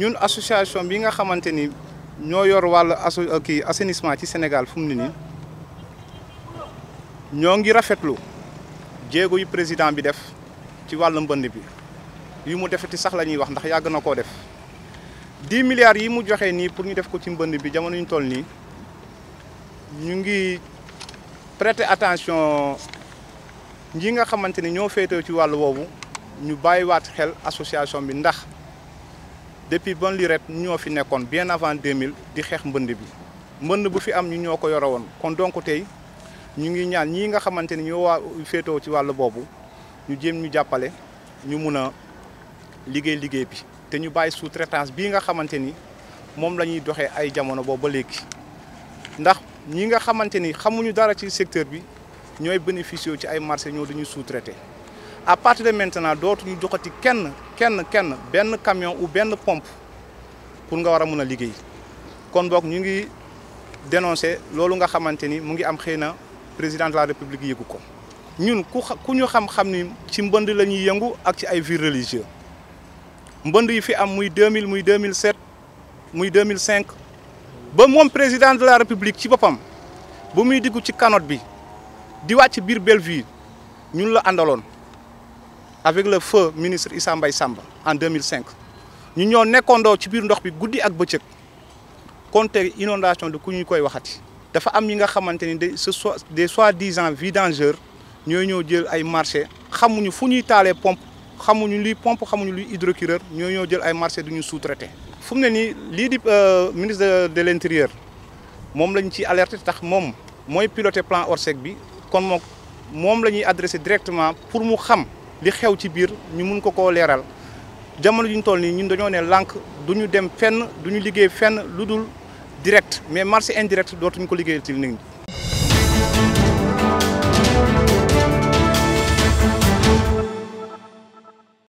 ñun association bi nga xamante ni ñoo yor wàll asso euh, kii assainissement ci Sénégal fu ni ne nii ñoo ngi rafetlu jéego yi président bi def ci wàll mbënd bi yu mu defeti sax la ñuy wax ndax yàgg na koo def dix milliards yi mu joxee nii pour ñu def ko ci mbënd bi jamono ñu toll nii ñu ngi prêter attention ñi nga xamante ni ñoo féetewoo ci wàll woowu ñu bàyyiwaat xel association bi ndax. depuis bon lurette ñoo fi nekkon bien avant 2000 di xex mbënd bi mbënd bu fi am ñu ñoko ko yore kon donc tay ñu ngi ñaan ñi nga xamanteni ni ñoo waa féetoo ci walu bobu ñu jëm ñu jappalé ñu mëna a liggéey liggéey bi té ñu bàyyi sous-traitance bi nga xamanteni mom lañuy doxé ay jamono bobu ba léegi ndax ñi nga xamanteni xamuñu dara ci secteur bi ñoy bénéficié ci ay marché ñoo dañuy sous traiter à partir de maintenant dootuñu joxati kenn kenn kenn benn camion u benn pompe pour nga war a mun a liggéey kon boog ñu ngi dénoncer loolu nga xamante ni mu ngi am xëy na président de la république yëgu ko ñun ku ku ñu xam-xam ni ci mbënd la ñuy yëngu ak ci ay villes religieux mbënd yi fi am muy 2000 muy 2007 muy 2005 ba moom président de la république ci boppam bu muy diggu ci kanot bi di wàcc biir Belleville ñun la àndaloon. avec le feu ministre Issa Mbaye Samba en 2005 ñu ñoo nekkoondoo ci biir ndox bi guddi ak bëccëg compter inondation de ku ñu koy waxati dafa am ñi nga xamante ni ce soit des soi-disant vidangeurs ñooy ñëw jël ay marché xamuñu fu ñuy taalee pompe xamuñu luy pompe xamuñu luy hydrocureur ñoo ñoo jël ay marché du ñu sous-traité fu mu ne di euh, ministre de l'intérieur moom lañ ci alerté tax moom mooy piloté plan Orsec bi kon moom moom la ñuy adressé directement pour mu xam li xew ci biir ñu mun ko koo leeral jamono ju toll nii ñun dañoo ne lànk du ñu dem fenn du ñu liggéey fenn lu dul direct mais marché indirect dootuñu ko liggéeyal ci nit